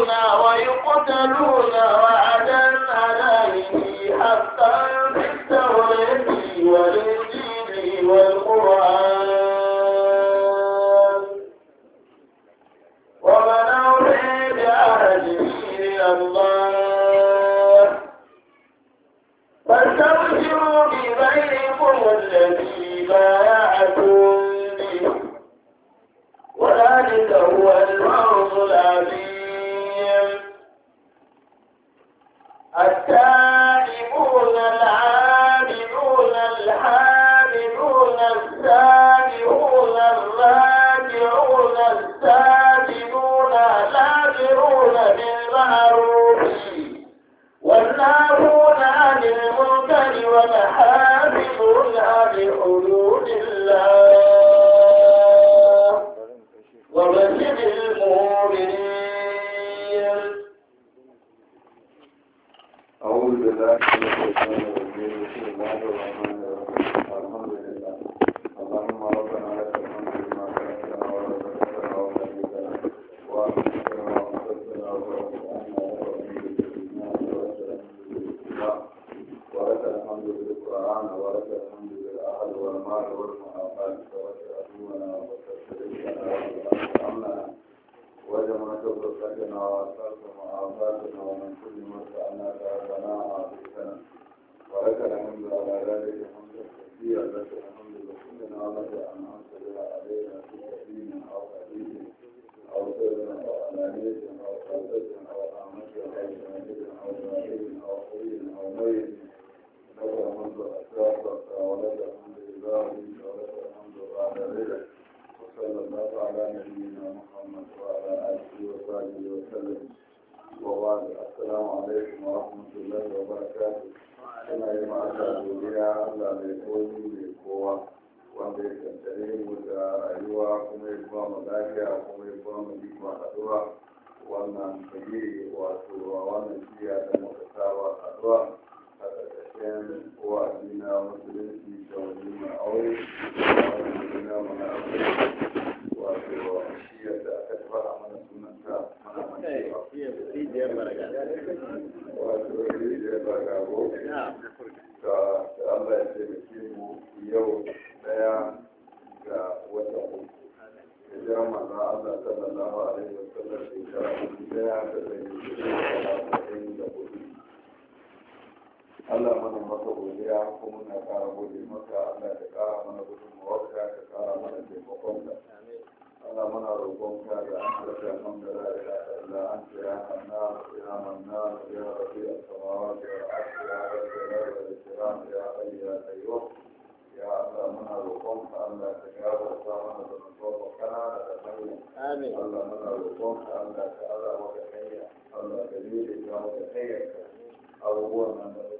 يقتلون ويقتلون ويقتلون جزاء ولك الحمد بعد ذلك وصلى الله على نبينا محمد وعلى آله وصحبه yi mai kowa wanda ya mu da wa kuma ya ba mu kuma ya wannan fage wato wannan shirya da muka saba haɗuwa a وأدينا مسلمتي كونين أوي وأدينا من أبي وأشياء أتبع من سنة من Allah ya taimake mu yau daya ga wata uku. Ya jira manzan Allah sallallahu alaihi wasallam shekara daya da zai yi da hudu. Allah mana maka godiya kuma na kara gode maka Allah ya kara mana gudunmawarka ka kara mana taimakonka Allah mana roƙonka da an karfi man da la ilaha illa anta ya hannar ya mannar ya rabi as-samawati wal ardi ya rabbal ikram ya hayy ya qayyum ya Allah mana roƙonka Allah ka gafarta mana da mutuwarka da tsaro amin Allah mana roƙonka Allah ka azaba da hayya Allah ka yi da jawo da hayyarka abubuwan nan da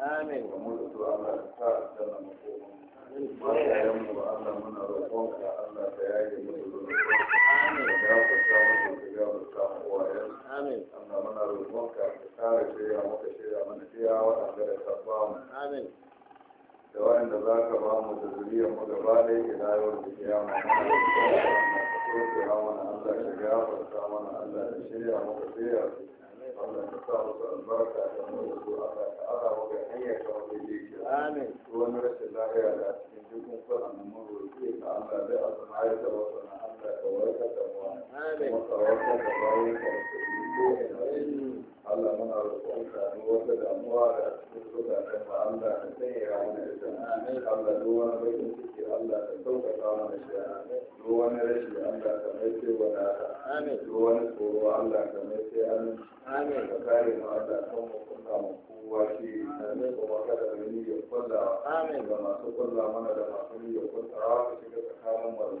آمين ومدت الله تعالى وأيامه الله من الرحمة الله تعالى مدت آمين وجاب السلام وجاب السلام وأيام آمين الله من الرحمة تعالى شيئا وكشيئا من شيئا وأجل السلام آمين da wanda za ka ba mu da zuriyar mu gaba ɗaya ila yau da kiyama Allah mana Allah ya gafarta mana Allah ya shirya mu ka shirya Allah ya sa musu albarka da mu da su Allah ya ara mu ga hanyar ka wani da yake amin wani rashin lafiya da cikin dukkan kuɗin mu roƙe ka Allah zai asana da wasu na Allah ka warkar da mu amin kuma ka warkar da bayan ka da Allah muna roƙonka duk wata damuwa da cikin zukatan ma Allah ka sanya mana ita amin Allah duk wani bakin ciki Allah ka sauƙaƙa mana shi amin duk wani rashi Allah ka mai sai wadata amin duk wani tsoro Allah ka sai amin amin ka kare mu Allah kan mu kunta mu kowa amin kuma kada mu yi ya kulla amin ga masu kulla mana da masu yi ya kulla rawa tsakanin mu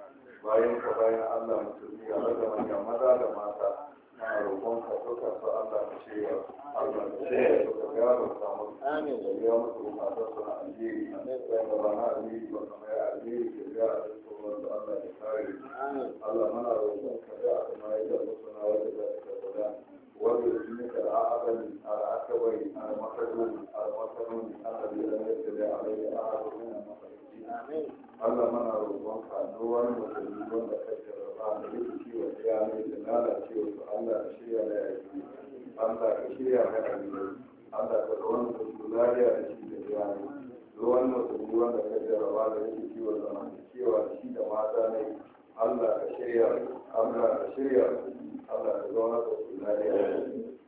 bayan ka bayan Allah musulmi ya raga manya maza da mata na roƙon ka duka su Allah ka ce ya Allah ka ce ya suka gaba samu amin da ya mutu mata su na aljeri sai da bana aljeri ba kamar ya aljeri ke ga a cikin wanda Allah ya kare Allah mana roƙon ka ga a kuma ya da mutu na wanda za ka guda وبإذنك الأعظم الأكبر المحرم المحرم الذي لم يتبع عليه أحد من المخلوقين Allah mana roƙonka don wani musulmi wanda ka jarraba da yake ciwo ta yanayi da lalacewa su Allah ka shirya da yaki Allah ka shirya da yaki Allah ka da wani musulmi lafiya da shi da yanayi Don wani musulmi wanda ka jarraba da yake ciwo zamantakewa shi da mata ne Allah ka shirya Allah ka shirya Allah ka zauna da su lafiya da shi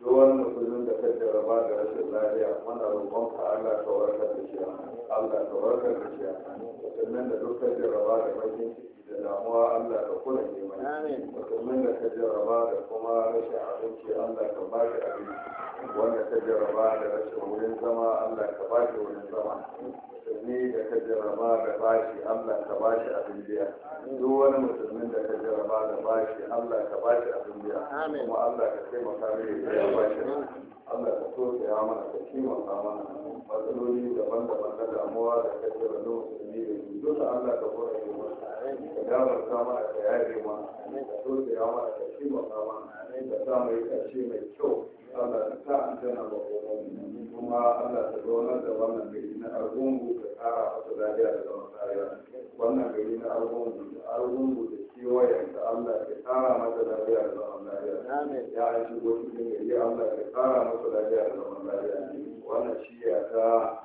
duk wani musulmin da ka jarraba da rashin lafiya mana roƙonka Allah ka warkar da shi Allah ka warkar da shi sannan da dukkan jarrawa da bakin ciki da damuwa Allah ka kula ke mai ta jarraba da kuma rashin abinci Allah ka ba shi abinci wanda ta jarraba da rashin wurin zama Allah ka ba shi wurin zama musulmi da ka jarraba da bashi Allah ka bashi abin biya duk wani musulmin da ka jarraba da bashi Allah ka bashi abin biya kuma Allah ka taimaka mai da ya bashi Allah ka so ta ya mana ka kimanta mana matsaloli daban-daban na damuwa da ka da musulmi da duka Allah ka kora yi ka damar kama da yare ma ka soke yawa da shi ma kama ka samu yi kashe mai kyau Allah ta sa an tana ba kuma Allah ta zaunar da wannan gari na argungu ka tsara masa lafiya da zama tsariya wannan gari na argungu da argungu da kewayen da Allah ka tsara masa lafiya da zama lafiya ya an shigo cikin gari Allah ka tsara masa lafiya da zama lafiya wannan shi ya ta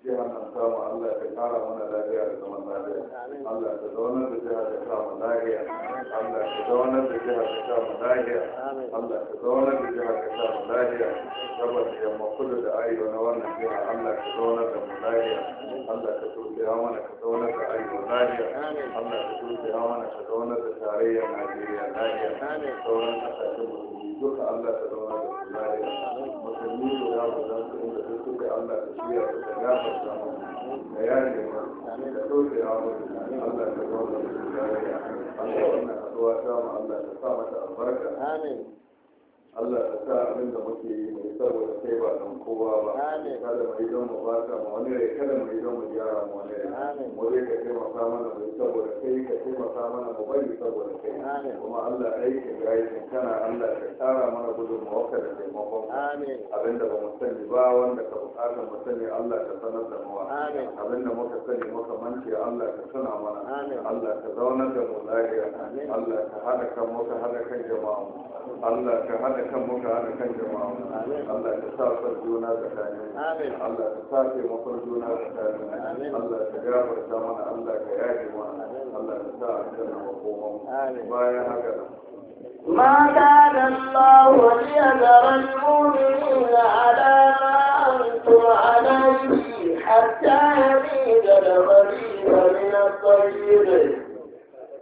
jihar nan samu Allah ka kara mana lafiya da zaman lafiya Allah ka zaunar da jihar da samu lafiya Allah ka zaunar da jihar da samu lafiya Allah ka zaunar da jihar da samu lafiya gabar da yamma kudu da arewa na wannan jiha Allah ka zaunar da mu lafiya Allah ka turbiya mana ka zaunar da arewa lafiya Allah ka turbiya mana ka zaunar da tarayyar Najeriya lafiya sauran kasashen musulmi duka Allah ka zaunar da su lafiya musulmi da ya ku zan su inda duk Allah ka shirya da gafa Allah ta da ya albarka. Amin. Allah ka sa abin da muke yi mai saboda kai ba don kowa ba kada mai idan mu baka mu wani rai kada mai idan mu gyara mu wani rai mu dai ka taimaka mana mai saboda kai ka taimaka mana mu bari saboda kai kuma Allah aikin ga aikin kana Allah ka tsara mana gudun mawaka da taimakon abin da ba mu sani ba wanda ka bukata mu sani Allah ka sanar da mu abin da muka sani muka mance Allah ka sana mana Allah ka zaunar da mu lafiya الله كهلك متهلك جماعة الله كهلك متهلك جماعة الله تسافر دون ذكاني الله تسافر مطر دون ذكاني الله تجابر زمان الله كياجي وانا الله تسافر جنة وقوم بايا هكذا ما كان الله ليذر المؤمنين على ما أنتم عليه حتى يميز الغريب من الطيب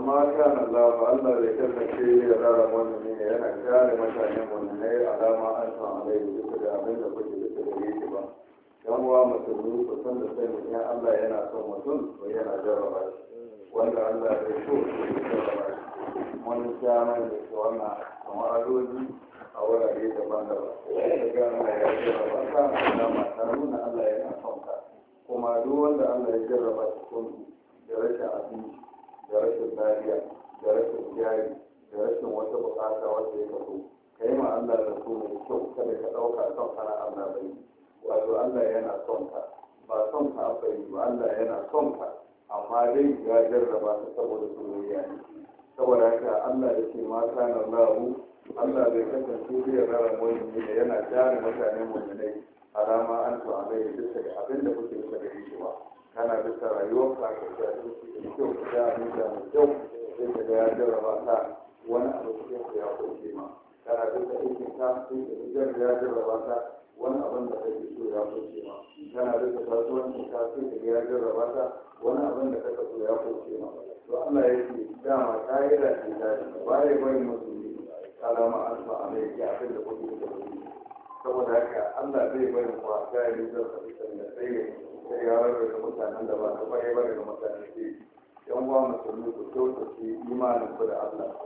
amma kan Allah ba Allah bai kasance ya rara wannan ne yana kare mutanen wannan ne alama an san alai duka da abin da kuke da ta gare shi ba dan wa musulmi ku san da sai mutum Allah yana son mutum to yana jarraba shi wanda Allah bai so ya jarraba shi wani shaman da ke wannan kamar adoji a wurare daban-daban da ga ya jarraba ka da mata nuna Allah yana son ka kuma duk wanda Allah ya jarraba shi kun da rashin abinci da rashin lafiya da rashin jari da rashin wata bukata wanda ya kaso ka yi ma Allah da su mai kyau kada ka ɗauka son ana Allah bai wato Allah yana son ka ba son ka bai ba Allah yana son ka amma dai ya jarraba ka saboda soyayya ne saboda haka Allah ya ce mata na lahu Allah bai kasance zai rara wani ne yana jari mutane mu ne alama an to alai duk da abin da kuke da shi ba kana bisa rayuwarka ka ci abinci da kyau ka sha abinci mai kyau sai ka ga ya jarraba ka wani abu cikin ke ya kuce ma kana bisa aikin ka sai ka ga ya jarraba ka wani abin da kake so ya kuce ma kana bisa kasuwancin ka sai ka ga ya jarraba ka wani abin da kake so ya kuce ma to Allah ya ce dama ta yi da ta ce ba ya bai musulmi alama alfa alaiki a kan da kuke da kuɗi saboda haka Allah zai bari kwa ta yi zarfa da sai ya sai ya rabu da mutanen da ba su kwaye ba ke da Allah ku da Allah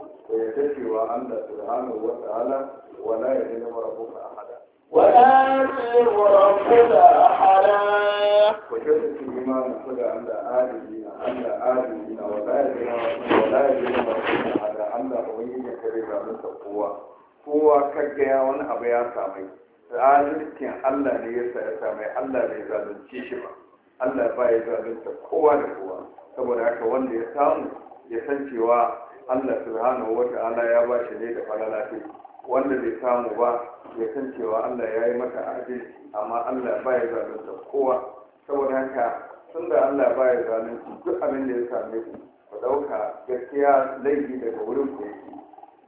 Allah Allah kowa kowa kaggaya wani abu ya samai zalunci Allah ne yasa ya sa mai Allah bai zalunci shi ba Allah ba ya zalunta kowa da kowa saboda haka wanda ya samu ya san cewa Allah subhanahu ta'ala ya ba shi ne da falala wanda bai samu ba ya san cewa Allah ya yi mata adalci amma Allah ba ya zalunta kowa saboda haka tun da Allah ba ya zalunci duk abin da ya same ku ku ɗauka gaskiya laifi daga wurin ku yake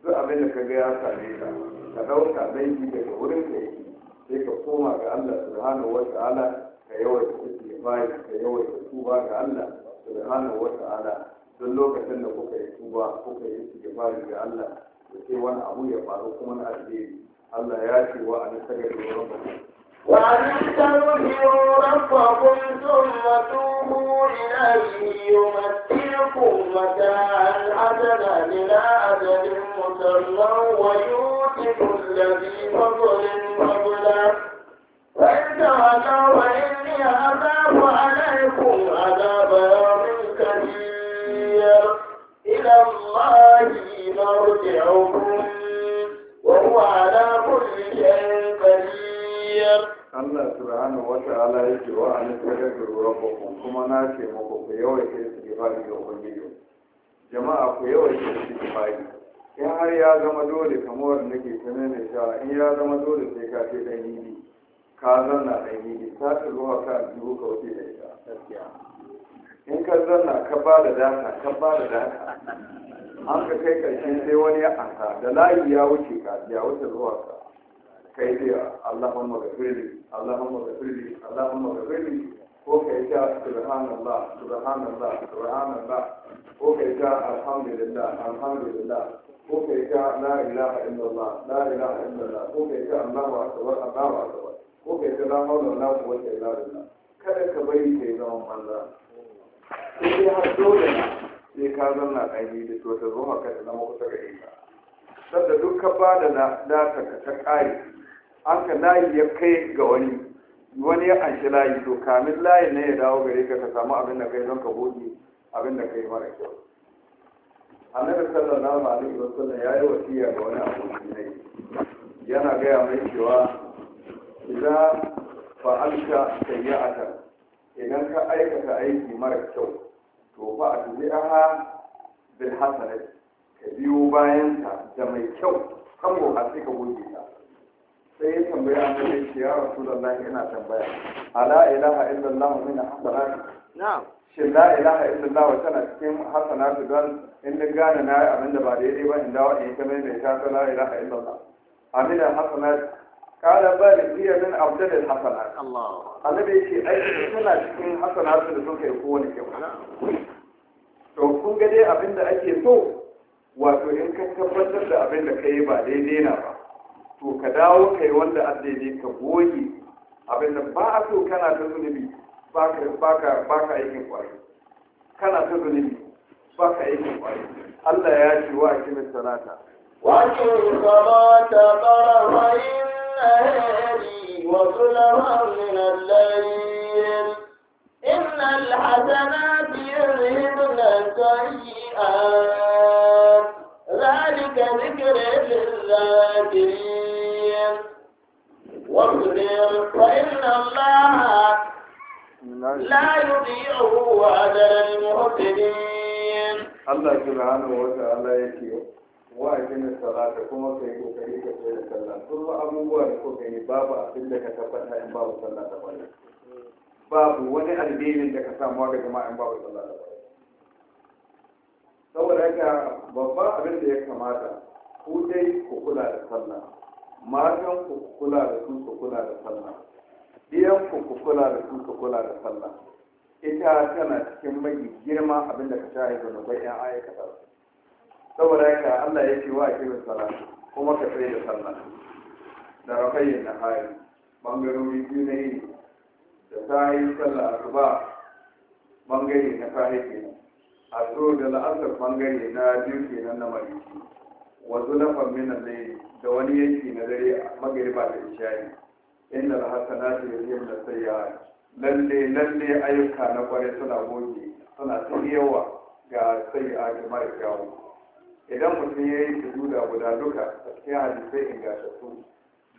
duk abin da ka ga ya same ka ka ɗauka laifi daga wurin ku yake sai ka koma ga Allah subhanahu wa ta'ala ka yawaita istighfari ka yawaita tuba ga Allah subhanahu wa ta'ala don lokacin da kuka yi tuba kuka yi ga Allah da sai wani abu ya faru kuma na alheri Allah ya ce wa an tagaru rabbakum wa an tagaru الذي يمتعكم متاعا حسنا إلى أجل مسمى ويؤتي الذي فضل فضلا وإن تولوا وإني أخاف عليكم عذاب يوم كبير إلى الله مرجعكم وهو على كل Allah subhanahu wa ta'ala yake wa an tadabbaru rabbakum kuma na ce muku ku yawaita istighfari ga ubangiji jama'a ku ke istighfari in har ya zama dole kamar nake ta nane sha in ya zama dole sai ka ce dan yidi ka zanna dan yidi ka ta zuwa ka dubu ka wuce da ita in ka zanna ka ba da daka, ka ba da daka. an ka kai karshen sai wani ya anka da layi ya wuce ka ya wuce zuwa ka kai biya Allahumma ghafirli Allahumma ghafirli Allahumma ghafirli ko kai ta subhanallah subhanallah subhanallah ko kai ta alhamdulillah alhamdulillah ko kai ta la ilaha illallah la ilaha illallah ko kai ta Allahu akbar Allahu akbar ko kai ta la hawla wala quwwata illa billah kada ka bari kai zaman banza sai dai har dole sai ka zanna ɗanyi da to ta zo haka da zama kusa ga ita sadda duk ka ba da ta ƙare Anka layi ya kai ga wani wani ya anshi layi to kamin layi na ya dawo gare ka ka samu abin da kai don ka goge abin da kai mara kyau annabi sallallahu alaihi wasallam ya yi wasiya ga wani abokin ne yana gaya mai cewa idan alka sayyi'atan idan ka aikata aiki mara kyau to fa a bil hasanati ka biyo bayan da mai kyau kan gobe sai ka goge ta sai ya tambaya annabi shi ya rasulullahi ina tambaya ala ilaha illallah min hasanati na'am shin la ilaha illallah tana cikin hasanatu don in ni gane na abin da ba daidai ba in dawo in ta mai mai ta la ilaha illallah amin hasanat kala bal hiya min abdal hasanat Allah annabi ce aiki tana cikin hasanatu da suka yi kowane kyau to kun ga dai abin da ake so wato in ka tabbatar da abin da ka yi ba daidai na ba to ka dawo kai wanda an daidai ka goge abinda ba a so kana ta zunubi ba ka aikin kwari kana ta zunubi ba ka aikin kwari Allah ya ce wa mai sanata ta وأقم الصلاة طرفي النهار وظلما من الليل إن الحسنات يذهبن السيئات ذلك ذكر للذاكرين واصبر فإن الله لا يضيع أجر المهتدين الله سبحانه وتعالى يكيو wa'akin salata kuma kai kokari ka tsaya sallah duk abubuwa da kuka yi babu abin da ka tabbata in babu sallah da bayan babu wani alherin da ka samu ga jama'a in babu sallah da bayan saboda haka babban abin da ya kamata ku dai ku kula da sallah matan ku kula da su ku kula da sallah iyan ku kula da su ku kula da sallah ita tana cikin mai girma abinda ka sha yanzu da kwai yan aikata saboda haka Allah ya ce wa a kiran sallah kuma ka tsaye da sallah da rakayin na hari bangarori biyu na yi da sahi sallah asuba bangare na sahi kenan a so da la'asar bangare na biyu kenan na mariki wasu na famina zai da wani yanki na dare magariba da ishayi inda alhassana su yi yadda da sayya lalle lalle ayyuka na kwarai suna goge suna ta yawa ga sayya da mara kyawu idan mutum ya yi duda guda duka a cikin hadisai ingantattu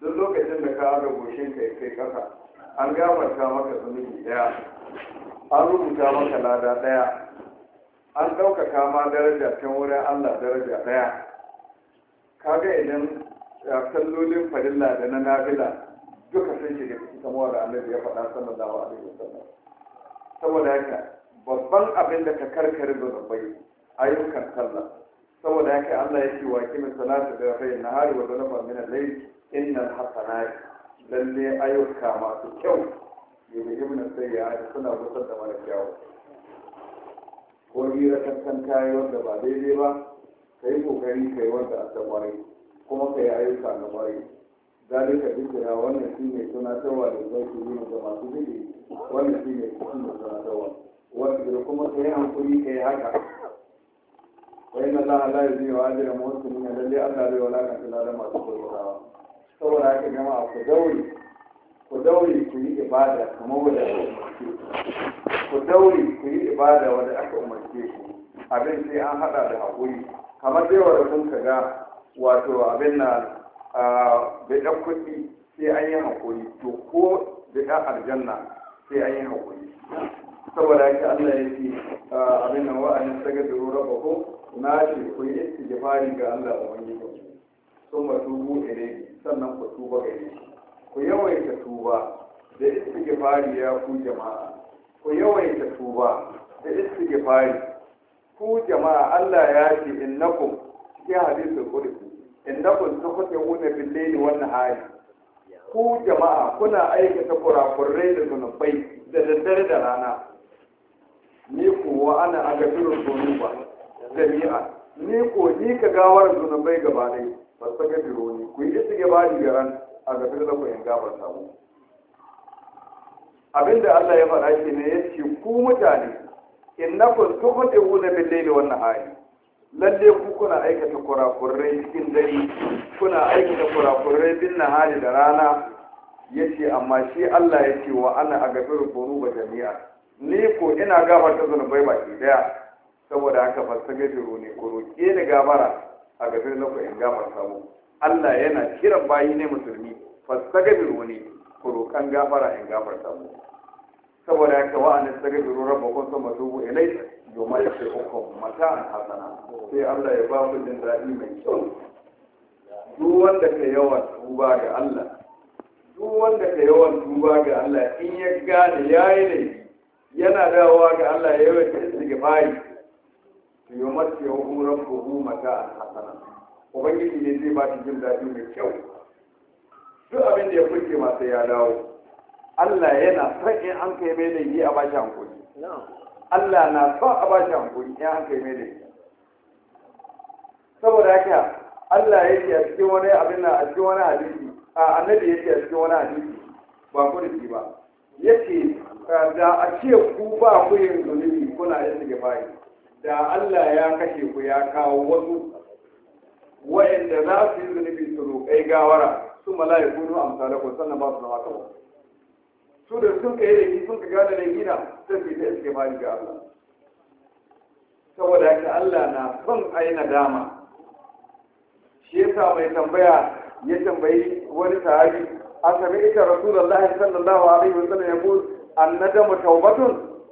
duk lokacin da ka haɗa goshin ka kai kasa an gafarta maka zunubi ɗaya an rubuta maka lada ɗaya an ɗaukaka ma daraja can wurin allah daraja ɗaya kaga idan sallolin farilla da na nafila duka sun shiga cikin samuwa da annabi ya faɗa sallallahu alaihi wasallam saboda haka babban abin da ka karkare da babbai ayyukan sallah saboda haka Allah ya ce wa kimin salatu da rafa'i nahari wa zalafa min al-layl innal lalle ayyuka masu kyau ya bi ibn sayya suna busar da mara kyawu ko hira kankan kayi wanda ba daidai ba ka yi kokari ka yi wanda aka kwarai kuma ka yi ayyuka na kwarai zalika zikira wannan shi ne suna tawa da zai yi ga masu zai wannan shi ne kuma tawa wanda kuma ka yi hankuri ka yi haka wani na laha la zai wa ajiyar motsin ne lalle allah bai wala kan tuna da masu kwaikwayawa saboda haka gama ku daure ku daure ku yi ibada kamar wadda aka umarce ku daure ku yi ibada wadda aka umarce ku abin sai an haɗa da haƙuri kamar dai wanda kun kaga wato abin na da kuɗi sai an yi hakuri to ko bidan aljanna sai an yi hakuri saboda yake Allah ya ce abin nan an saga da rura ko, na ce ku yi istighfari ga Allah a wani ba sun ba tubu ne sannan ku tuba gare shi ku yawaita tuba da istighfari ya ku jama'a ku yawaita tuba da istighfari ku jama'a Allah ya ce innakum cikin hadisul qudsi innakum wuna bil layli wan nahari ku jama'a kuna aikata kurakurai da zunubai da daddare da rana ni ko wa ana agafirul dhunuba jami'a ni ko ni ka gawar zunubai gaba dai ba su ga biro ne ku yi tsige ba ni garan a gafir da ku in gabar samu abinda Allah ya faɗa shi ne ya ce ku mutane innakum wuna bil-layli wan-nahari lalle ku kuna aikata kurakurai cikin dare kuna aikata kurakurai bin nahari da rana yace amma shi Allah yace wa ana agafiru dhunuba jami'a ni ko ina gafarta zunubai baki daya saboda haka fastagafiru ne ko roke ni gafara a gafir lakum in gafarta mu Allah yana kiran bayi ne musulmi fastagafiru ne ko roƙan gafara in gafarta mu saboda ya kawo haka wa an astaghfiru rabbakum domin ya ilayhi yawma mata a hasana sai Allah ya ba ku daɗi mai kyau duk wanda ka yawan tuba ga Allah duk wanda ka yawan ga Allah in ya gane yi ne yana dawowa ga Allah ya yawan Ya to yawma yafiqukum mata a hasana ubangiji ne zai ba shi jin daɗi mai kyau duk abin da ya fuske masa ya dawo Allah yana son in an kai mai yi a bashi hankuri Allah na son a bashi hankuri in an kai mai yi. saboda haka Allah ya ce a cikin wani abin a cikin wani hadisi a annabi ya ce a cikin wani hadisi ba ku da ba ya ce da a ce ku ba ku yin zunubi kuna yin yi. da Allah ya kashe ku ya kawo wasu da za su yi zunubi su roƙai gawara su mala'iku nu amsalakun sannan ba su zama kamar su da sun kai da ki sun ka gane da gina sun fi yi ta iske mali ga Allah saboda haka Allah na son a yi nadama ya sa mai tambaya ya tambayi wani sahabi a sami ita rasulullahi sallallahu alaihi wa sallam ya bu annadamu taubatun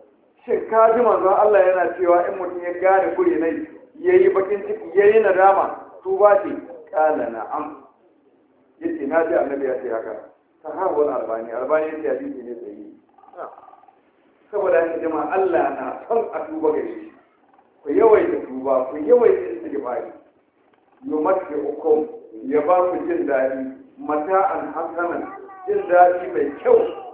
shin ka ji manzon Allah yana cewa in mutum ya gane kure nai yi bakin ciki yayi nadama tuba ce kala na'am yace na ji annabi ya ce haka sahahul albani albani ya ce hadisi ne sai saboda haka jama'a Allah na son a duba gare shi ku yawaita duba, ku yawaita istighfari yumakki ukum ya ba ku jin daɗi an hasanan jin daɗi mai kyau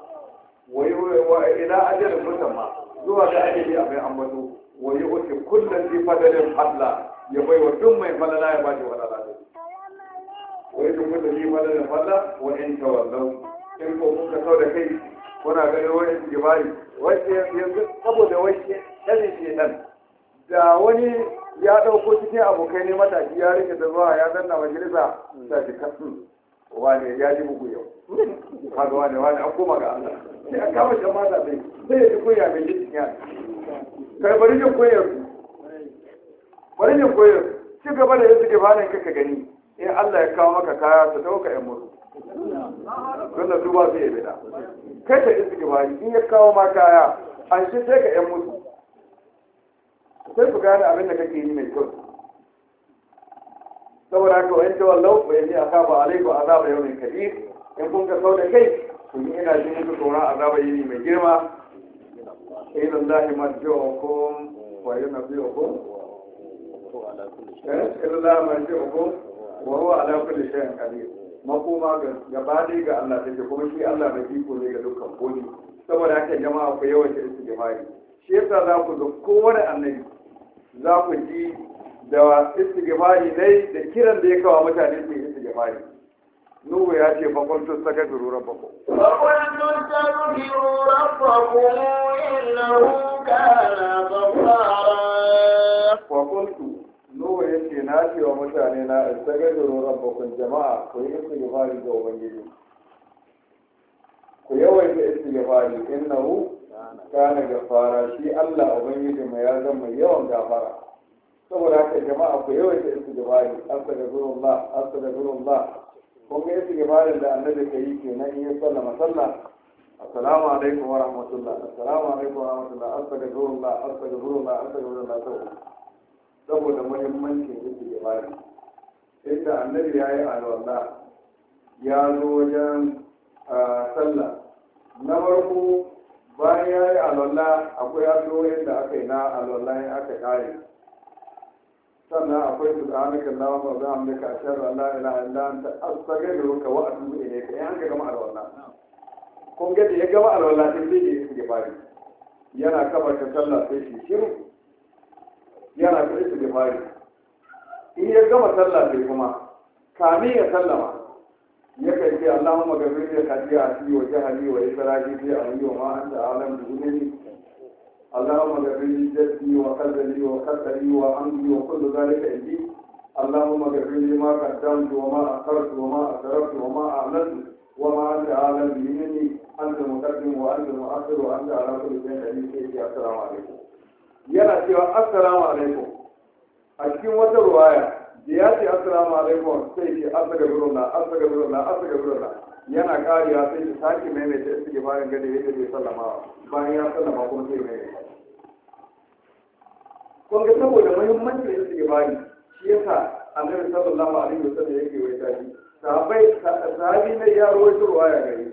Wai wa ila ajal musamma zuwa ga ajali a mai ambato Wai yi wuce kullum fi fadalin fadla ya bai wa duk mai falala ya ba shi wadala da wa yi kuma da ni mala da mala wa in tawallau in ko kun ka sau da kai kuna ganin wani jibari wacce yanzu saboda wacce ɗan shi ɗan da wani ya ɗauko cikin abokai ne mataki ya rike da zuwa ya zanna majalisa da shi kasu wane ya ji bugu yau kaga wane wane an koma ga Allah sai an kama shi mata bai sai ya ji kunya mai ji cinya kai bari ne koyar bari ne koyar ci gaba da yanzu ke bayan kaka gani in Allah ya kawo maka kaya su dauka yan mutu don da duba zai yi da kai ta isi gibari in ya kawo ma kaya an shi sai ka yan mutu sai ku gane abin da kake yi mai kyau saboda haka wayan ta ne a yi asaba alaiku azaba yau mai kabir in kun ka sau da kai to ni ina jin muku tsoron azaba yi mai girma ilan lahi marji'ukum wa yunabbi'ukum na eh, lahi hukum wa huwa ala kulli shay'in qadir makoma ga gaba dai ga Allah take kuma shi Allah mai iko ne ga dukkan komai saboda haka jama'a ku su istighfari shi yasa za ku ga kowane annabi za ku ji da istighfari dai da kiran da ya kawo mutane su istighfari Nuhu ya ce fakultu saka firu rabbakum. Fakultu saka firu rabbakum innahu kana ghaffara. Fakultu Nuhu ya ce na ce wa mutane na istagai da rorar bakon jama'a ku yi su fari ga Ubangiji. Ku yawaita isi gifari innahu kana fara shi Allah Ubangiji mai ya zama yawan gafara. Saboda haka jama'a ku yawaita isi gifari astagfirullah astagfirullah kun ga isi fari da annabi ka yi ke in ya sallama sallah السلام عليكم ورحمة الله السلام عليكم ورحمة الله أستغفر الله أستغفر الله أستغفر الله saboda muhimmancin yake da bayan inda annabi ya yi alwala ya zo wajen sallah na farko bayan ya yi alwala akwai addu'o'in da aka yi na alwala ya aka kare sannan akwai su da hannun lawa ba za a mulka a shan rana ila ila ta asage da ruka wa addu'o ne ka yi gama alwala kun ga da ya gama alwala sai da ya yi bari yana kabarta sallah sai shi shiru yana kudin su jifari in ya gama sallah sai kuma kami ya sallama ya kai ce allahu magabin ya kaji a ciki wa jihari wa isa raji fi a wa ma an da alam da gudun yi allahu magabin jaddi wa kaddali wa kaddali wa an yi wa kullu zalika in ji allahu magabin ma kaddam da wa ma a karfi wa ma a karfi wa ma a nan wa ma an da alam da gudun yi an da mutaddin wa an da mu'asir wa an da alaƙulu zai kaji sai ke yana cewa assalamu alaikum a cikin wata ruwaya da ya ce assalamu alaikum sai ce astagfirullah astagfirullah astagfirullah yana kariya sai ta sake maimaita bayan gani ya ke sallama bayan ya sallama kuma sai maimaita kun ga saboda muhimmancin istighfari shi yasa annabi sallallahu alaihi wasallam yake waita shi sahabbai sahabi ne ya rawaito ruwaya gari,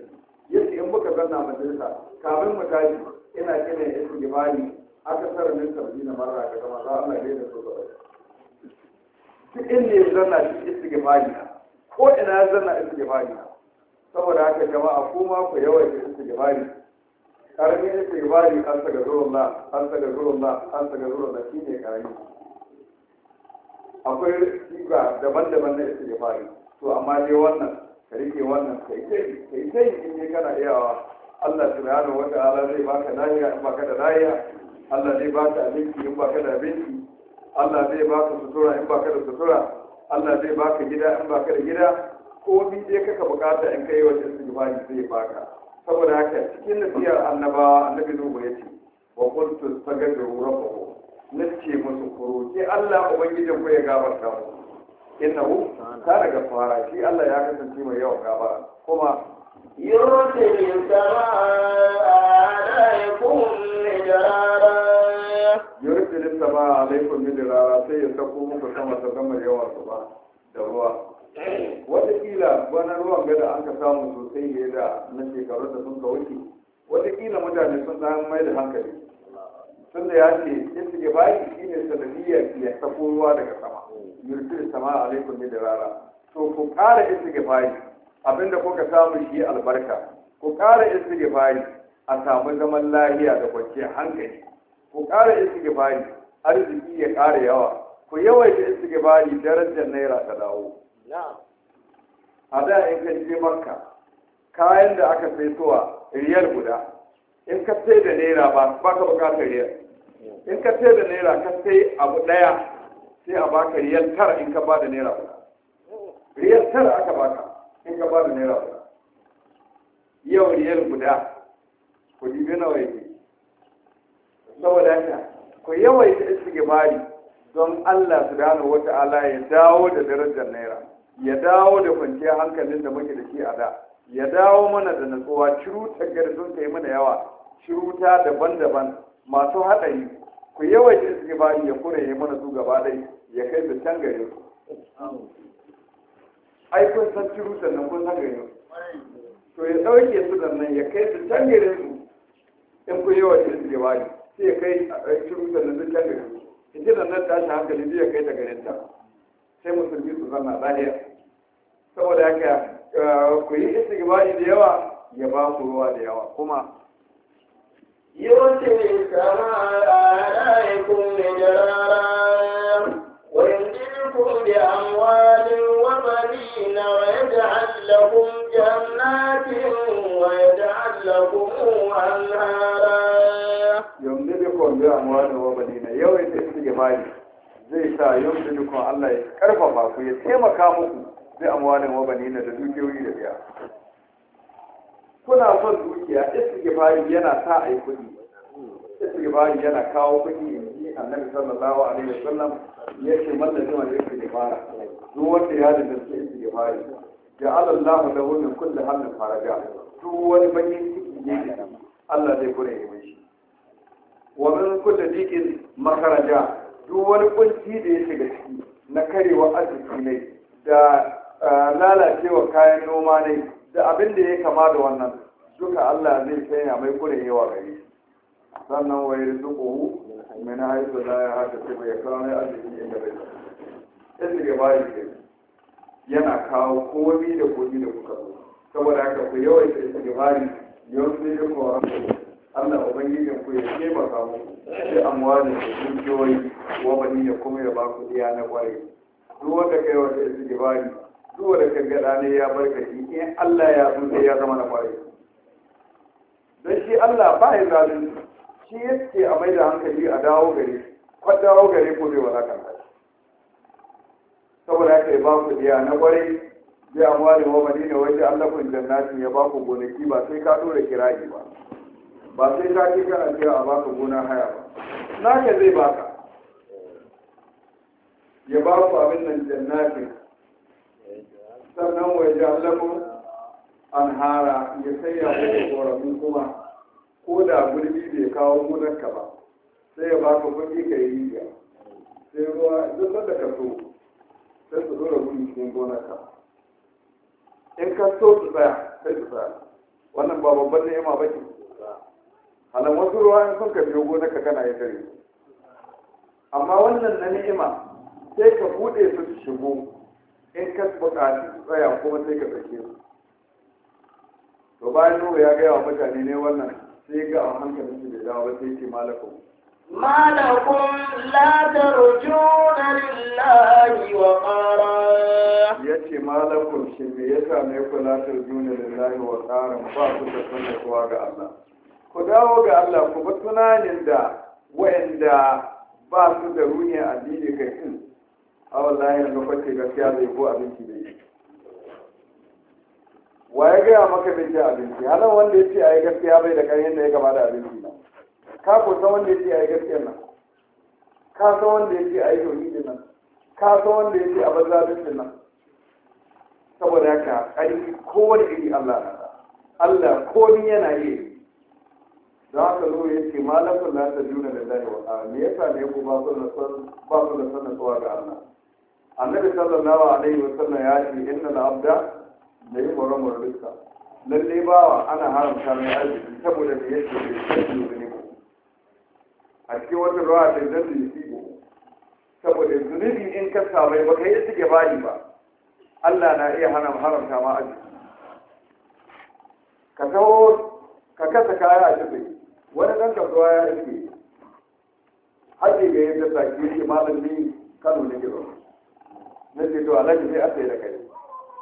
yadda yace in muka zanna majalisa kafin mu tashi ina kina istighfari aka tsara min sabbi na mara ka zama za Allah ne da su gaba duk inda ya zanna shi istighfari ko ina ya zanna istighfari saboda haka jama'a ko ma ku yawan istighfari karamin istighfari an zuwan zurullah an zuwan zurullah an zuwan saka zurullah shine karami akwai siga daban-daban na istighfari to amma dai wannan ka rike wannan kai kai kai kai in kana iyawa Allah subhanahu wa ta'ala zai baka lafiya in baka da lafiya Allah zai ba ka abinci in ba ka da abinci Allah zai ba ka sutura in ba ka da sutura Allah zai ba ka gida in ba ka da gida ko bi dai kaka bukata in kai wajen istighfari zai ba ka saboda haka cikin nasiyar annabawa annabi Nuhu ya ce wa qultu astaghfiru ce nace musu kuroki Allah ubangijin ku ya Inna mu innahu daga fara. shi Allah ya kasance mai yawan gabara kuma يرسل السماء عليكم مدرارا يرسل السماء عليكم مدرارا sai ya sako muku sama ta gama yawa su ba da ruwa wataƙila wani ruwan gada an ka samu sosai ya da na shekaru da sun ka wuce wataƙila mutane sun ɗan mai da hankali tun da ya ce in suke bayi shi ne sanadiyyar ya sako ruwa daga sama yurfi sama alaikum ne da rara to ku ƙara in suke bayi abinda kuka samu shi albarka ku ƙara istighfari a samu zaman lahiya da kwanciyar hankali ku ƙara istighfari arziki ya kare yawa ku yawaita istighfari darajar naira ta dawo a da in ka je makka kayan da aka sai suwa riyal guda in ka sai da naira ba ba ka bukatar riyal in ka sai da naira ka sai abu daya sai a baka riyal tara in ka ba da naira guda riyal tara aka baka in ka ba da naira guda yau riyal guda ku dibe nawa yake saboda haka ku yawaita bari don Allah subhanahu wata'ala ya dawo da darajar naira ya dawo da kwanciyar hankalin da muke da shi a da ya dawo mana da natsuwa ciruta garzon ta yi mana yawa ciruta daban-daban masu haɗari ku yawaita bari ya kure ya mana su gaba ɗaya ya kai su can ai kun san ciru sannan kun san gari to ya ɗauke su sannan ya kai su can gare su in kun yawa ce da jawabi sai ya kai ciru eh, sannan su can gare su ita da nan tashi hankali zai ya kai ta garin ta sai musulmi su a ɗaya. saboda haka eh, ku yi istigbari da yawa ya ba su ruwa da yawa kuma yawancin kama a ra'ayin kun da wani يمسككم بأموال وبنين ويجعل لكم جنات ويجعل لكم أنهارا يمسككم بأموال وبنين يوم تستجمعي zai sa yau da dukkan Allah ya karfafa ku ya taimaka muku zai amwalin wa banina da dukiyoyi da biya kuna son dukiya istighfari yana sa yi kuɗi istighfari yana kawo kuɗi inji annabi sallallahu alaihi wasallam yake mallaka mai istighfara duk wanda ya da gaske istighfari ya Allah da wannan kullu hannun faraja duk wani bakin ciki ne Allah zai kure ya shi. wa min kullu dikin makaraja duk wani kunci da ya shiga ciki na karewa arziki ne da eh, lalacewa kayan noma ne da abin da ya kama da wannan duka Allah zai sanya mai kurewa gare shi sannan wa yarzuquhu min haythu la yahtasib ya kawo mai inda bai sai ga bayi ke yana kawo komai da komai da kuka zo saboda haka ku ga istighfari yau sai da koran Allah ubangijin ku ya taimaka mu. sai amwalin da joyi wa bani ya kuma ya ba ku iya na kwarai duk wanda kai ga istighfari duk wanda ka ga ne ya barkaci in Allah ya zo ya zama na kwarai dan shi Allah ba ya zalunci shi yake a mai da hankali a dawo gare kwa dawo gare ko zai walakanta saboda haka ba ku biya na kwarai bi amwali wa madina wajen allafin jannatin ya ba ku gonaki ba sai ka dora kirayi ba ba sai ka ce kana cewa a baka gona haya ba naka zai baka ya ba ku abin nan jannatin sannan wajen allafin anhara ya sayya muku korafi kuma ko da gurbi bai kawo gonarka ba sai ya baka kuɗi ka yi riga sai ruwa duk sanda ka so sai su zura gudu cikin gonarka in ka so su tsaya sai su tsaya wannan ba babban ni'ima ba ce halin wasu ruwa in sun ka biyo gonarka kana ya kare amma wannan na ni'ima sai ka buɗe su su shigo in ka buƙaci su tsaya kuma sai ka sake su to bayan nuna ya gaya wa mutane ne wannan sai ga hankalin su da dawo sai ce malakum malakum la tarjuna lillahi wa qara yace malakum shi me yasa ne ku la tarjuna lillahi wa qara ba ku da kowa ga Allah ku dawo ga Allah ku bi tunanin da wa'anda ba su da ruhin addini kai kin hmm, a wallahi yanzu gaskiya zai ko abinci yi. wa ya gaya maka bai ce abinci hana wanda ya ce a yi gaskiya bai da kan da ya gaba da abinci na ka ko san wanda ya ce a yi gaskiya nan ka san wanda ya ce a yi tauhidin nan ka san wanda ya ce a banza abincin nan saboda haka ƙarfi kowane iri Allah na Allah komi yana yi don haka zo ya ce malakun la ta juna da zai wa me yasa ne ku ba su da san ba da san ga Allah annabi sallallahu alaihi wasallam ya ce inna al-abda da yi kwaron murduka lalle bawa ana haramta mai arziki saboda da yake da sassu ne a cikin wata rawa da zan zunubu saboda zunubi in ka samai ba yi suke bani ba Allah na iya hana haramta ma arziki ka kawo ka kasa kaya a jibi wani ɗan kasuwa ya iske haɗe ga yadda sake yake malam kano na gero na ce to alhaji sai a sai da kai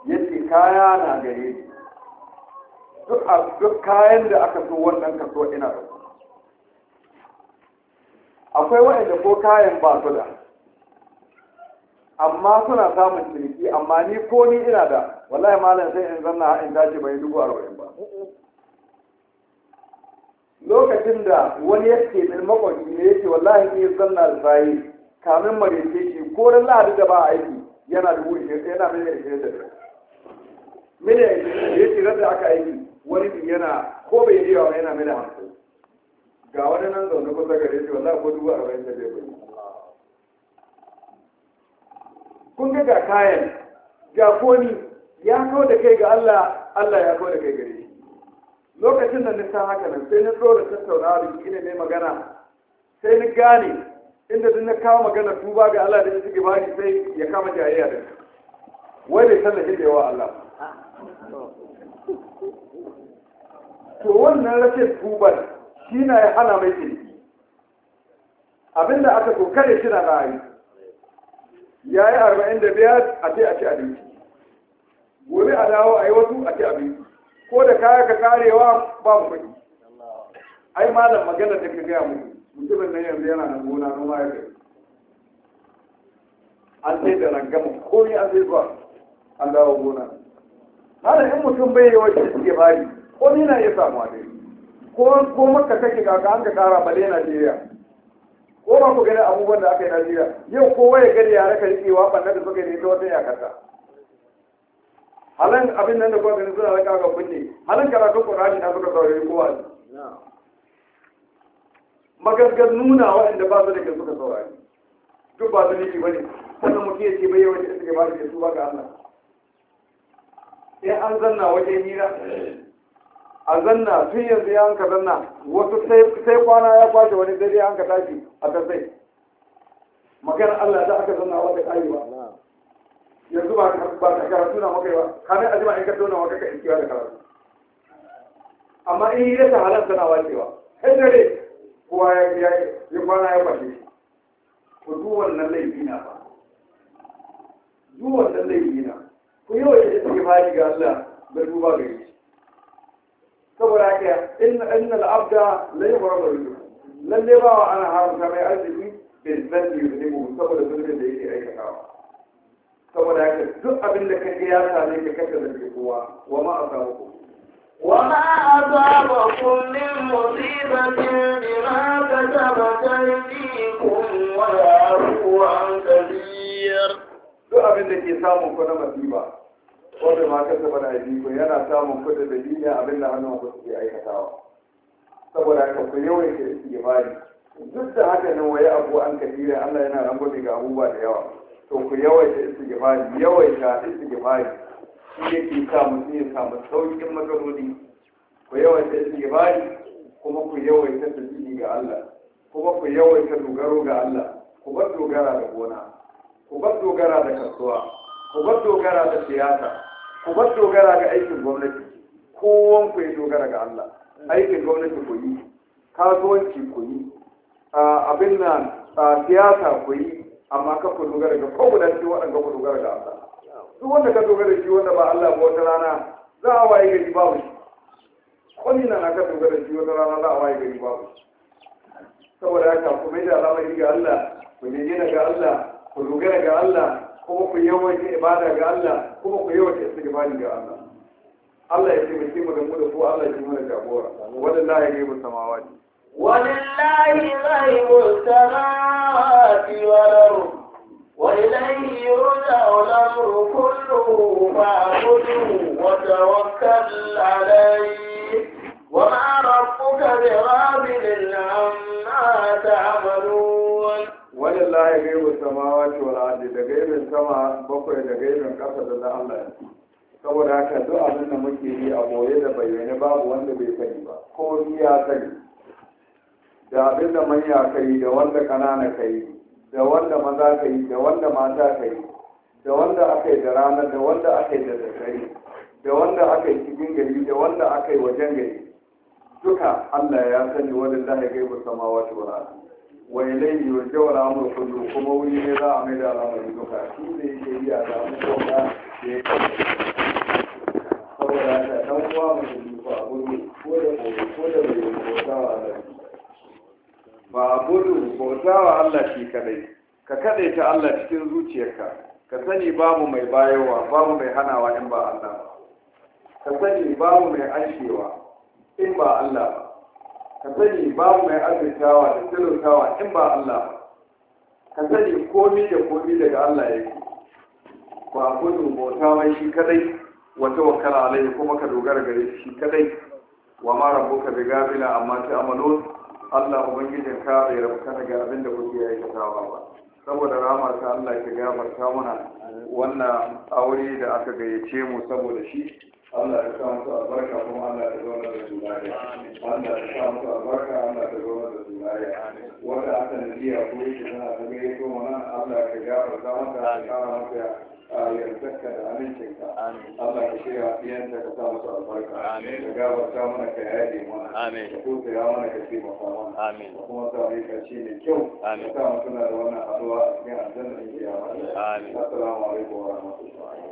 yace kaya na gare ni duk kayan da aka so wannan kaso ina da akwai waɗanda ko kayan ba su da amma suna samun ciniki amma ni ko ni ina da wallahi malam sai in zanna in dace bai dubu arba'in ba lokacin da wani yake min makwanci ne yake wallahi ni zanna da sayi kamin marece shi ko da lahadi da ba aiki yana dubu yana mai da mene ya ce rada aka aiki wani din yana ko bai yi yawa yana mene hamsin ga wani nan zaune kusa gare shi wallahi ko dubu arba'in da zai bai kun ga kayan ga koni ya kawo da kai ga Allah Allah ya kawo da kai gare shi lokacin da nisa haka nan sai na da tattaunawa da shi ne magana sai na gane inda duk na kawo magana tuba ga Allah da shi ke bani sai ya kama jayayya da wai bai sallace da yawa Allah to wannan rashin tubar shi na ya hana mai kirki abinda aka so kare shi na rayu ya yi arba'in da biyar a ce a ci abinci gobe a dawo a yi wasu a ci abinci ko da kaya ka karewa ba mu kuɗi ai malam magana da ka gaya muku mutumin nan yanzu yana nan gona na mayar da an sai da rangama ni an sai zuwa an dawo gona har in mutum bai yi wajen suke bari ko ni na iya samu dai ko ko maka kake kaka an ka kara bale Najeriya ko ba ku gani abubuwan da aka yi Najeriya yau kowa ya gani yare ka riƙewa ɓanna da suka yi ta wata kasa halan abin nan da kuma gani suna raka ga kunne halan karatun Qur'ani na suka saurari kowa magasgar nuna waɗanda ba su da ke suka saurari duk ba su ne ba ne wannan mutum ya ce bai yawan da suke ba da su ba ga Allah sai an zanna waje hira a zanna tun yanzu ya hanka zanna wasu sai kwana ya kwashe wani dare hanka tashi a tasai magana Allah da aka zanna wata ƙarewa yanzu ba ka karatu na makai ba kame a in ka tona maka ka ikiwa da karatu amma in yi ta halar tana wacewa sai dare kowa ya yi ya kwana ya kwashe ku duk nan laifi na ba duk wannan laifi na ku yi wa istighfari ga Allah da duba ga yi. saboda haka inna inna al-abda la yughramu bi lalle ba wa ana haramta mai arziki bil zanni yuzimu saboda zulmin da yake aikatawa saboda haka duk abin da kake ya same ka da ke kowa wa ma asabuku wa ma asabakum min musibatin bima taba aydikum wa yafu an kabir duk abin da ke samun ku na masiba wanda ma kasa bana biyu yana samun kuɗi da duniya abin da hannun ku suke aikatawa saboda haka ku suke istighfari duk da haka nan waye abu an kafira Allah yana rangwame ga abubuwa da yawa to ku suke yawaita istighfari suke istighfari shi yake sa mutum ya samu saukin matsaloli ku suke istighfari kuma ku yawaita tasbihi ga Allah kuma ku yawaita dogaro ga Allah ku bar dogara da gona ku bar dogara da kasuwa ku bar dogara da siyasa ku bar dogara ga aikin gwamnati kowan ku ya dogara ga Allah aikin gwamnati ku yi kasuwanci ku yi abin nan siyasa ku yi amma ka ku dogara ga ko guda ce waɗanda ku dogara ga Allah duk wanda ka dogara shi wanda ba Allah ba wata rana za a waye gari babu shi kwani na ka dogara shi wata rana za a waye gari babu shi saboda haka ku mai da alamari ga Allah ku ne ga Allah ku dogara ga Allah kuma ku yawaita ibada ga Allah kuma ku yawaita istighfari ga Allah Allah ya taimake mu da mu da ku Allah ya mana jagora wallahi ya gaibu samawati walillahi ghaibus samawati wal ardh wa ilayhi yurja'u al-amru kulluhu fa'budhu wa tawakkal 'alayhi wa ma rabbuka bighafilin 'amma ta'malun wani laye gaibin samawa ce da gaibin sama bakwai da gaibin kasa da da Allah saboda haka duk abin da muke yi a boye da bayyane babu wanda bai sani ba ko ya sani da abin da manya ka yi da wanda ƙanana ka yi da wanda maza ka yi da wanda mata ka yi da wanda aka yi da rana da wanda aka yi da daddare da wanda aka yi cikin gari da wanda aka yi wajen gari duka Allah ya sani wanda za a gaibu samawa ta wani wa ilayhi wa jawala amru kullu kuma wuri ne za a mai da al'amari duka shi ne ke yi a zamu ko da saboda ta dan uwa mutum ko a gudu ko da ko da bai bauta wa Allah ba a gudu bauta wa Allah shi kadai ka ta Allah cikin zuciyarka ka sani babu mai bayowa babu mai hanawa in ba Allah ka sani babu mai aishewa, in ba Allah ba ka sani babu mai azurtawa da sirrikawa in ba Allah ka sani komi da komi daga Allah ya yake ba kudu bauta mai shi kadai wata wakala alai kuma ka dogara gare shi kadai wa ma ka bi gafila amma ta amalo. Allah ubangijin ka bai rabka daga abin da kuke ya aikatawa ba saboda ramar ta Allah ka gafarta mana wannan aure da aka gayyace mu saboda shi Allah ya sa musu albarka kuma Allah ya zauna da zuriya Allah ya sa musu albarka Allah ya zauna da zuriya wanda aka nadiya ko yake tana ta mai yato mana Allah ya gafarta mata ya kara mata yardarka da amincinka Allah ka shirya fiyanta ka sa musu albarka ka gafarta mana ka yaje mana ka kuka ya mana ka taimaka mana ka kuma sa mai karshe mai kyau ka sa mu da wannan haɗuwa a cikin aljanna ne ya assalamu alaikum wa rahmatullahi